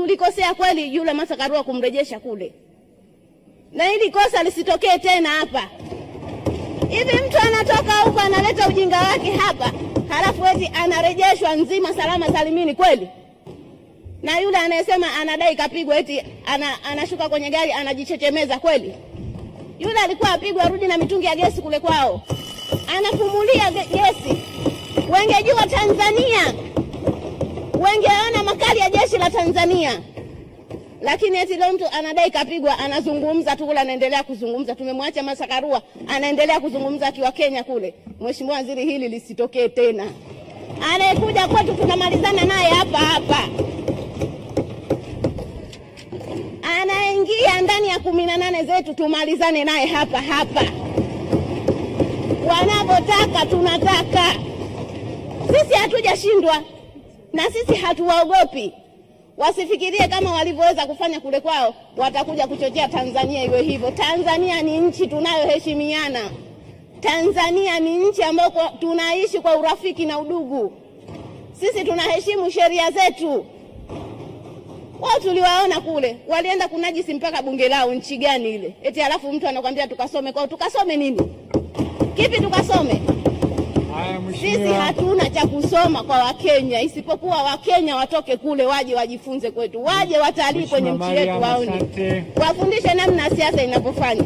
tulikosea kweli yule Martha Karua kumrejesha kule, na hili kosa lisitokee tena hapa. Hivi mtu anatoka huko analeta ujinga wake hapa, halafu eti anarejeshwa nzima salama salimini kweli? Na yule anayesema anadai kapigwa eti ana, anashuka kwenye gari anajichechemeza kweli? Yule alikuwa apigwa rudi na mitungi ya gesi kule kwao, anafumulia gesi. Wengejua Tanzania, wengeona serikali ya jeshi la Tanzania, lakini eti leo mtu anadai kapigwa, anazungumza tu kule, anaendelea kuzungumza. Tumemwacha Masakarua anaendelea kuzungumza akiwa Kenya kule. Mheshimiwa Waziri, hili lisitokee tena. Anayekuja kwetu tunamalizana naye hapa hapa, anaingia ndani ya kumi na nane zetu tumalizane naye hapa hapa. Wanavyotaka tunataka sisi, hatujashindwa na sisi hatuwaogopi. Wasifikirie kama walivyoweza kufanya kule kwao, watakuja kuchochea Tanzania iwe hivyo. Tanzania ni nchi tunayoheshimiana. Tanzania ni nchi ambayo tunaishi kwa urafiki na udugu. Sisi tunaheshimu sheria zetu. Wao tuliwaona kule walienda kunajisi mpaka bunge lao, nchi gani ile? Eti alafu mtu anakwambia tukasome kwao. Tukasome nini? Kipi tukasome? Sisi hatuna cha kusoma kwa Wakenya isipokuwa Wakenya watoke kule waje wajifunze kwetu, waje watalii kwenye nchi yetu, waone wafundishe namna siasa inavyofanya.